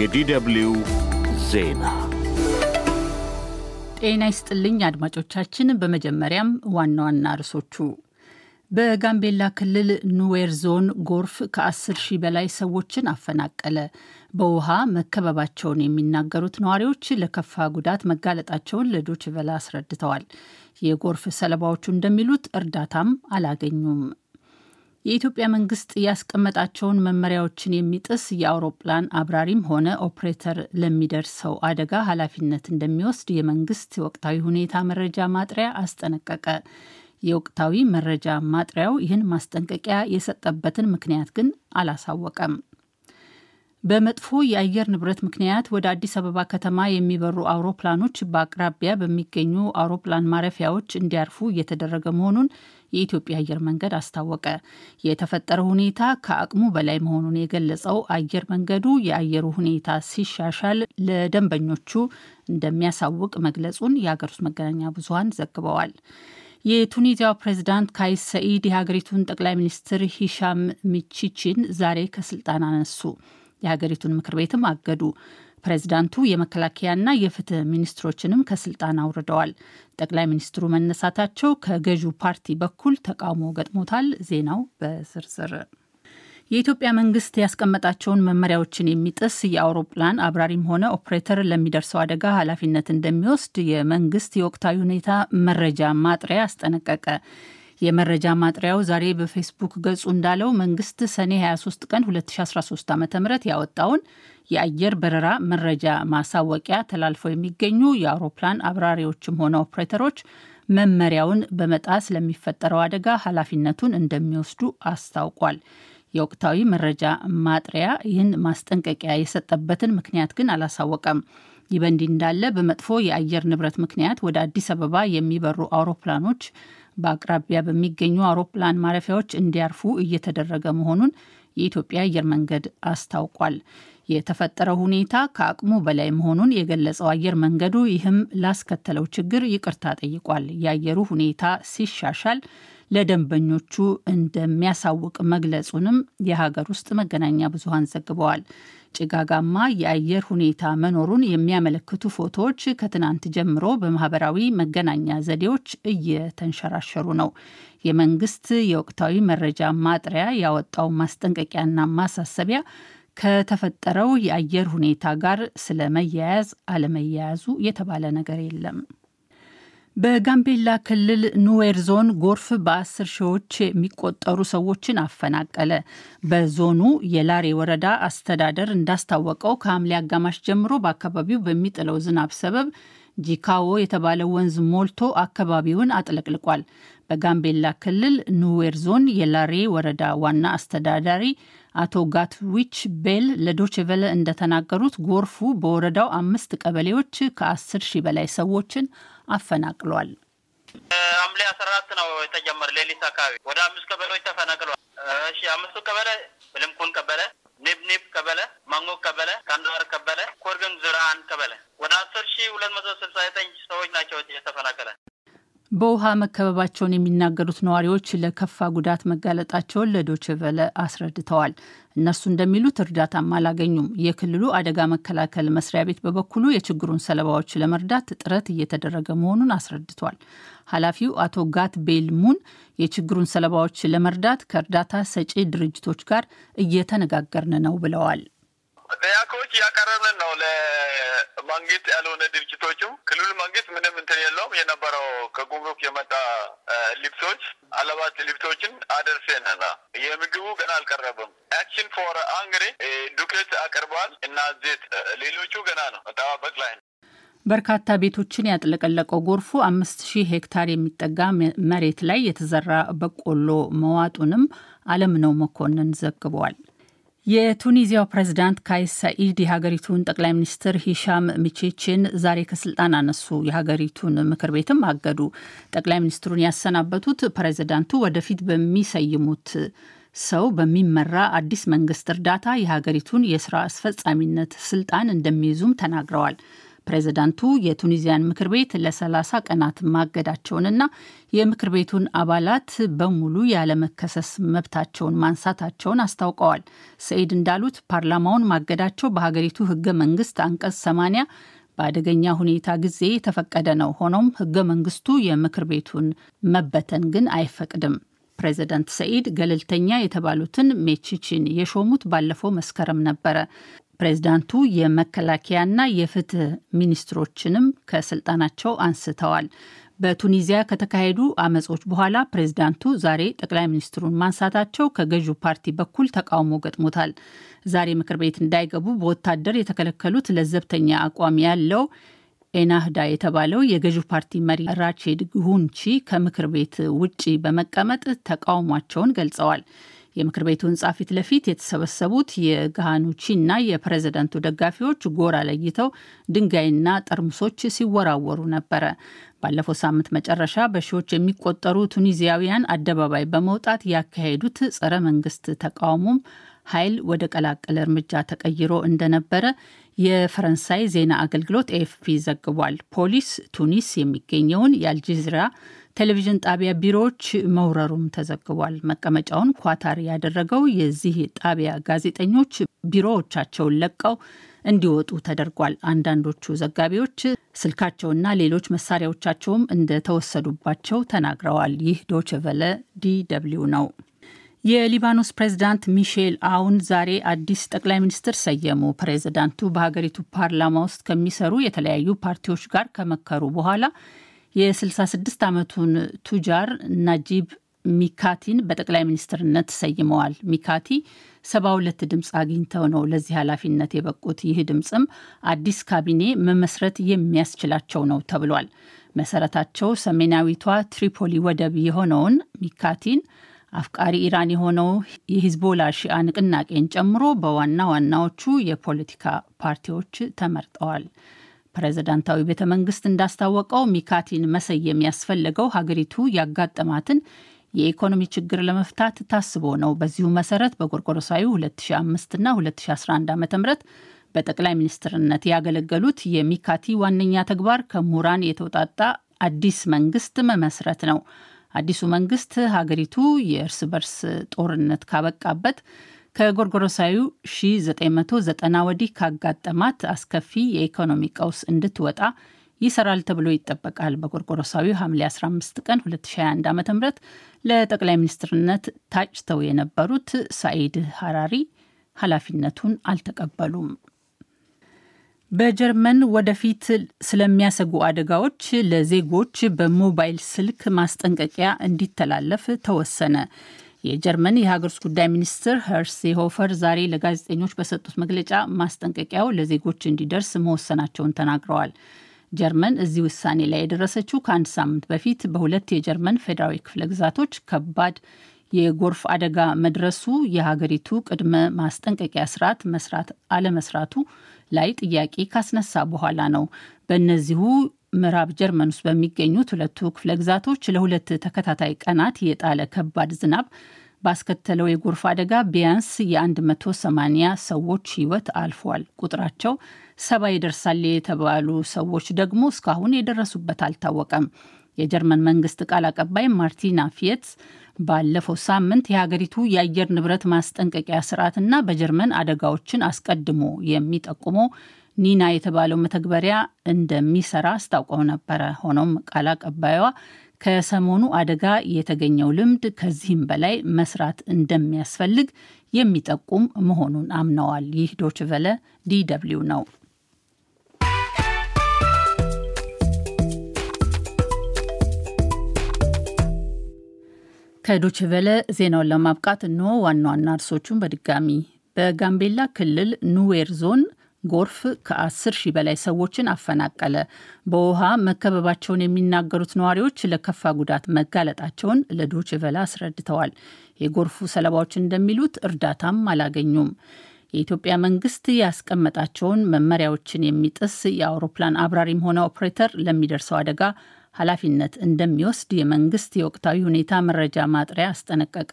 የዲደብልዩ ዜና ጤና ይስጥልኝ አድማጮቻችን። በመጀመሪያም ዋና ዋና ርዕሶቹ በጋምቤላ ክልል ኑዌር ዞን ጎርፍ ከ10 ሺህ በላይ ሰዎችን አፈናቀለ። በውሃ መከበባቸውን የሚናገሩት ነዋሪዎች ለከፋ ጉዳት መጋለጣቸውን ለዶችቨላ አስረድተዋል። የጎርፍ ሰለባዎቹ እንደሚሉት እርዳታም አላገኙም። የኢትዮጵያ መንግስት ያስቀመጣቸውን መመሪያዎችን የሚጥስ የአውሮፕላን አብራሪም ሆነ ኦፕሬተር ለሚደርሰው አደጋ ኃላፊነት እንደሚወስድ የመንግስት ወቅታዊ ሁኔታ መረጃ ማጥሪያ አስጠነቀቀ። የወቅታዊ መረጃ ማጥሪያው ይህን ማስጠንቀቂያ የሰጠበትን ምክንያት ግን አላሳወቀም። በመጥፎ የአየር ንብረት ምክንያት ወደ አዲስ አበባ ከተማ የሚበሩ አውሮፕላኖች በአቅራቢያ በሚገኙ አውሮፕላን ማረፊያዎች እንዲያርፉ እየተደረገ መሆኑን የኢትዮጵያ አየር መንገድ አስታወቀ። የተፈጠረው ሁኔታ ከአቅሙ በላይ መሆኑን የገለጸው አየር መንገዱ የአየሩ ሁኔታ ሲሻሻል ለደንበኞቹ እንደሚያሳውቅ መግለጹን የሀገር ውስጥ መገናኛ ብዙሀን ዘግበዋል። የቱኒዚያው ፕሬዚዳንት ካይስ ሰኢድ የሀገሪቱን ጠቅላይ ሚኒስትር ሂሻም ሚቺቺን ዛሬ ከስልጣን አነሱ። የሀገሪቱን ምክር ቤትም አገዱ። ፕሬዚዳንቱ የመከላከያና የፍትህ ሚኒስትሮችንም ከስልጣን አውርደዋል። ጠቅላይ ሚኒስትሩ መነሳታቸው ከገዢው ፓርቲ በኩል ተቃውሞ ገጥሞታል። ዜናው በዝርዝር የኢትዮጵያ መንግስት ያስቀመጣቸውን መመሪያዎችን የሚጥስ የአውሮፕላን አብራሪም ሆነ ኦፕሬተር ለሚደርሰው አደጋ ኃላፊነት እንደሚወስድ የመንግስት የወቅታዊ ሁኔታ መረጃ ማጥሪያ አስጠነቀቀ። የመረጃ ማጥሪያው ዛሬ በፌስቡክ ገጹ እንዳለው መንግስት ሰኔ 23 ቀን 2013 ዓ ም ያወጣውን የአየር በረራ መረጃ ማሳወቂያ ተላልፈው የሚገኙ የአውሮፕላን አብራሪዎችም ሆነ ኦፕሬተሮች መመሪያውን በመጣስ ለሚፈጠረው አደጋ ኃላፊነቱን እንደሚወስዱ አስታውቋል። የወቅታዊ መረጃ ማጥሪያ ይህን ማስጠንቀቂያ የሰጠበትን ምክንያት ግን አላሳወቀም። ይህ በእንዲህ እንዳለ በመጥፎ የአየር ንብረት ምክንያት ወደ አዲስ አበባ የሚበሩ አውሮፕላኖች በአቅራቢያ በሚገኙ አውሮፕላን ማረፊያዎች እንዲያርፉ እየተደረገ መሆኑን የኢትዮጵያ አየር መንገድ አስታውቋል። የተፈጠረው ሁኔታ ከአቅሙ በላይ መሆኑን የገለጸው አየር መንገዱ ይህም ላስከተለው ችግር ይቅርታ ጠይቋል። የአየሩ ሁኔታ ሲሻሻል ለደንበኞቹ እንደሚያሳውቅ መግለጹንም የሀገር ውስጥ መገናኛ ብዙሃን ዘግበዋል። ጭጋጋማ የአየር ሁኔታ መኖሩን የሚያመለክቱ ፎቶዎች ከትናንት ጀምሮ በማህበራዊ መገናኛ ዘዴዎች እየተንሸራሸሩ ነው። የመንግስት የወቅታዊ መረጃ ማጥሪያ ያወጣው ማስጠንቀቂያና ማሳሰቢያ ከተፈጠረው የአየር ሁኔታ ጋር ስለ መያያዝ አለመያያዙ የተባለ ነገር የለም። በጋምቤላ ክልል ኑዌር ዞን ጎርፍ በአስር ሺዎች የሚቆጠሩ ሰዎችን አፈናቀለ። በዞኑ የላሬ ወረዳ አስተዳደር እንዳስታወቀው ከሐምሌ አጋማሽ ጀምሮ በአካባቢው በሚጥለው ዝናብ ሰበብ ጂካዎ የተባለ ወንዝ ሞልቶ አካባቢውን አጥለቅልቋል። በጋምቤላ ክልል ኑዌር ዞን የላሬ ወረዳ ዋና አስተዳዳሪ አቶ ጋትዊች ቤል ለዶችቨለ እንደተናገሩት ጎርፉ በወረዳው አምስት ቀበሌዎች ከ10 ሺህ በላይ ሰዎችን አፈናቅሏል። ሐምሌ አስራ አራት ነው የተጀመረ ሌሊት አካባቢ ወደ አምስት ቀበሌዎች ተፈናቅሏል። እሺ አምስቱ ቀበሌ ብልምኩን ቀበሌ፣ ኒብኒብ ቀበሌ፣ ማንጎ ቀበሌ፣ ካንዳር ቀበሌ፣ ኮርግን ዙራን ቀበሌ ወደ አስር ሺ ሁለት መቶ ስልሳ ዘጠኝ ሰዎች ናቸው የተፈናቀለ። በውሃ መከበባቸውን የሚናገሩት ነዋሪዎች ለከፋ ጉዳት መጋለጣቸውን ለዶችቨለ አስረድተዋል። እነርሱ እንደሚሉት እርዳታም አላገኙም። የክልሉ አደጋ መከላከል መስሪያ ቤት በበኩሉ የችግሩን ሰለባዎች ለመርዳት ጥረት እየተደረገ መሆኑን አስረድቷል። ኃላፊው አቶ ጋት ቤልሙን የችግሩን ሰለባዎች ለመርዳት ከእርዳታ ሰጪ ድርጅቶች ጋር እየተነጋገርን ነው ብለዋል። ጥያቄዎች እያቀረብን ነው ለመንግስት ያልሆነ ድርጅቶችም ክልሉ መንግስት ምንም ከጉምሩክ የመጣ ልብሶች አለባት ልብሶችን አደርሰንና የምግቡ ገና አልቀረበም። አክሽን ፎር አንግሪ ዱቄት አቅርቧል እና ዜት ሌሎቹ ገና ነው መጠባበቅ ላይ ነው። በርካታ ቤቶችን ያጥለቀለቀው ጎርፉ አምስት ሺህ ሄክታር የሚጠጋ መሬት ላይ የተዘራ በቆሎ መዋጡንም አለም ነው መኮንን ዘግቧል። የቱኒዚያው ፕሬዝዳንት ካይስ ሰኢድ የሀገሪቱን ጠቅላይ ሚኒስትር ሂሻም ሚቼችን ዛሬ ከስልጣን አነሱ። የሀገሪቱን ምክር ቤትም አገዱ። ጠቅላይ ሚኒስትሩን ያሰናበቱት ፕሬዝዳንቱ ወደፊት በሚሰይሙት ሰው በሚመራ አዲስ መንግስት እርዳታ የሀገሪቱን የስራ አስፈጻሚነት ስልጣን እንደሚይዙም ተናግረዋል። ፕሬዚዳንቱ የቱኒዚያን ምክር ቤት ለ30 ቀናት ማገዳቸውንና የምክር ቤቱን አባላት በሙሉ ያለመከሰስ መብታቸውን ማንሳታቸውን አስታውቀዋል። ሰኢድ እንዳሉት ፓርላማውን ማገዳቸው በሀገሪቱ ህገ መንግስት አንቀጽ 80 በአደገኛ ሁኔታ ጊዜ የተፈቀደ ነው። ሆኖም ህገ መንግስቱ የምክር ቤቱን መበተን ግን አይፈቅድም። ፕሬዚዳንት ሰኢድ ገለልተኛ የተባሉትን ሜቺቺን የሾሙት ባለፈው መስከረም ነበረ። ፕሬዚዳንቱ የመከላከያና የፍትህ ሚኒስትሮችንም ከስልጣናቸው አንስተዋል። በቱኒዚያ ከተካሄዱ አመጾች በኋላ ፕሬዝዳንቱ ዛሬ ጠቅላይ ሚኒስትሩን ማንሳታቸው ከገዢው ፓርቲ በኩል ተቃውሞ ገጥሞታል። ዛሬ ምክር ቤት እንዳይገቡ በወታደር የተከለከሉት ለዘብተኛ አቋም ያለው ኤናህዳ የተባለው የገዢው ፓርቲ መሪ ራቼድ ጉሁንቺ ከምክር ቤት ውጪ በመቀመጥ ተቃውሟቸውን ገልጸዋል። የምክር ቤቱ ህንፃ ፊት ለፊት የተሰበሰቡት የጋሃኑቺና የፕሬዝደንቱ ደጋፊዎች ጎራ ለይተው ድንጋይና ጠርሙሶች ሲወራወሩ ነበረ። ባለፈው ሳምንት መጨረሻ በሺዎች የሚቆጠሩ ቱኒዚያውያን አደባባይ በመውጣት ያካሄዱት ጸረ መንግስት ተቃውሞም ኃይል ወደ ቀላቀለ እርምጃ ተቀይሮ እንደነበረ የፈረንሳይ ዜና አገልግሎት ኤፍፒ ዘግቧል። ፖሊስ ቱኒስ የሚገኘውን የአልጀዚራ ቴሌቪዥን ጣቢያ ቢሮዎች መውረሩም ተዘግቧል። መቀመጫውን ኳታር ያደረገው የዚህ ጣቢያ ጋዜጠኞች ቢሮዎቻቸውን ለቀው እንዲወጡ ተደርጓል። አንዳንዶቹ ዘጋቢዎች ስልካቸውና ሌሎች መሳሪያዎቻቸውም እንደተወሰዱባቸው ተናግረዋል። ይህ ዶችቨለ ዲደብሊው ነው። የሊባኖስ ፕሬዝዳንት ሚሼል አውን ዛሬ አዲስ ጠቅላይ ሚኒስትር ሰየሙ። ፕሬዝዳንቱ በሀገሪቱ ፓርላማ ውስጥ ከሚሰሩ የተለያዩ ፓርቲዎች ጋር ከመከሩ በኋላ የ66 ዓመቱን ቱጃር ናጂብ ሚካቲን በጠቅላይ ሚኒስትርነት ሰይመዋል። ሚካቲ ሰባ ሁለት ድምፅ አግኝተው ነው ለዚህ ኃላፊነት የበቁት። ይህ ድምፅም አዲስ ካቢኔ መመስረት የሚያስችላቸው ነው ተብሏል። መሰረታቸው ሰሜናዊቷ ትሪፖሊ ወደብ የሆነውን ሚካቲን አፍቃሪ ኢራን የሆነው የሂዝቦላ ሺአ ንቅናቄን ጨምሮ በዋና ዋናዎቹ የፖለቲካ ፓርቲዎች ተመርጠዋል። ፕሬዝዳንታዊ ቤተ መንግስት እንዳስታወቀው ሚካቲን መሰየም ያስፈለገው ሀገሪቱ ያጋጠማትን የኢኮኖሚ ችግር ለመፍታት ታስቦ ነው። በዚሁ መሰረት በጎርጎሮሳዊ 2005 እና 2011 ዓ ም በጠቅላይ ሚኒስትርነት ያገለገሉት የሚካቲ ዋነኛ ተግባር ከምሁራን የተውጣጣ አዲስ መንግስት መመስረት ነው። አዲሱ መንግስት ሀገሪቱ የእርስ በርስ ጦርነት ካበቃበት ከጎርጎሮሳዩ 1990 ወዲህ ካጋጠማት አስከፊ የኢኮኖሚ ቀውስ እንድትወጣ ይሰራል ተብሎ ይጠበቃል። በጎርጎሮሳዊ ሐምሌ 15 ቀን 2021 ዓ ም ለጠቅላይ ሚኒስትርነት ታጭተው የነበሩት ሳኢድ ሀራሪ ኃላፊነቱን አልተቀበሉም። በጀርመን ወደፊት ስለሚያሰጉ አደጋዎች ለዜጎች በሞባይል ስልክ ማስጠንቀቂያ እንዲተላለፍ ተወሰነ። የጀርመን የሀገር ውስጥ ጉዳይ ሚኒስትር ሄርስ ሆፈር ዛሬ ለጋዜጠኞች በሰጡት መግለጫ ማስጠንቀቂያው ለዜጎች እንዲደርስ መወሰናቸውን ተናግረዋል። ጀርመን እዚህ ውሳኔ ላይ የደረሰችው ከአንድ ሳምንት በፊት በሁለት የጀርመን ፌዴራዊ ክፍለ ግዛቶች ከባድ የጎርፍ አደጋ መድረሱ የሀገሪቱ ቅድመ ማስጠንቀቂያ ስርዓት መስራት አለመስራቱ ላይ ጥያቄ ካስነሳ በኋላ ነው። በእነዚሁ ምዕራብ ጀርመን ውስጥ በሚገኙት ሁለቱ ክፍለ ግዛቶች ለሁለት ተከታታይ ቀናት የጣለ ከባድ ዝናብ ባስከተለው የጎርፍ አደጋ ቢያንስ የ180 ሰዎች ሕይወት አልፏል። ቁጥራቸው ሰባ ይደርሳል የተባሉ ሰዎች ደግሞ እስካሁን የደረሱበት አልታወቀም። የጀርመን መንግስት ቃል አቀባይ ማርቲና ፊየትስ ባለፈው ሳምንት የሀገሪቱ የአየር ንብረት ማስጠንቀቂያ ስርዓትና በጀርመን አደጋዎችን አስቀድሞ የሚጠቁመው ኒና የተባለው መተግበሪያ እንደሚሰራ አስታውቀው ነበረ። ሆኖም ቃል አቀባይዋ ከሰሞኑ አደጋ የተገኘው ልምድ ከዚህም በላይ መስራት እንደሚያስፈልግ የሚጠቁም መሆኑን አምነዋል። ይህ ዶች ቨለ ዲደብሊው ነው። ከዶችቨለ ዜናውን ለማብቃት እንሆ ዋና ዋና እርሶቹን በድጋሚ በጋምቤላ ክልል ኑዌር ዞን ጎርፍ ከአስር ሺህ በላይ ሰዎችን አፈናቀለ። በውሃ መከበባቸውን የሚናገሩት ነዋሪዎች ለከፋ ጉዳት መጋለጣቸውን ለዶችቨላ አስረድተዋል። የጎርፉ ሰለባዎች እንደሚሉት እርዳታም አላገኙም። የኢትዮጵያ መንግስት ያስቀመጣቸውን መመሪያዎችን የሚጥስ የአውሮፕላን አብራሪም ሆነ ኦፕሬተር ለሚደርሰው አደጋ ኃላፊነት እንደሚወስድ የመንግስት የወቅታዊ ሁኔታ መረጃ ማጥሪያ አስጠነቀቀ።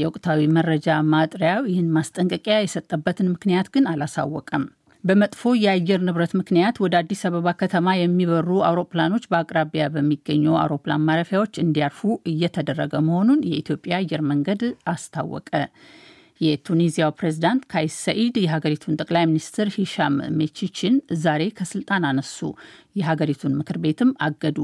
የወቅታዊ መረጃ ማጥሪያው ይህን ማስጠንቀቂያ የሰጠበትን ምክንያት ግን አላሳወቀም። በመጥፎ የአየር ንብረት ምክንያት ወደ አዲስ አበባ ከተማ የሚበሩ አውሮፕላኖች በአቅራቢያ በሚገኙ አውሮፕላን ማረፊያዎች እንዲያርፉ እየተደረገ መሆኑን የኢትዮጵያ አየር መንገድ አስታወቀ። የቱኒዚያው ፕሬዝዳንት ካይስ ሰኢድ የሀገሪቱን ጠቅላይ ሚኒስትር ሂሻም ሜቺችን ዛሬ ከስልጣን አነሱ። የሀገሪቱን ምክር ቤትም አገዱ።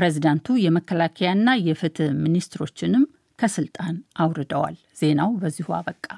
ፕሬዝዳንቱ የመከላከያና የፍትህ ሚኒስትሮችንም ከስልጣን አውርደዋል። ዜናው በዚሁ አበቃ።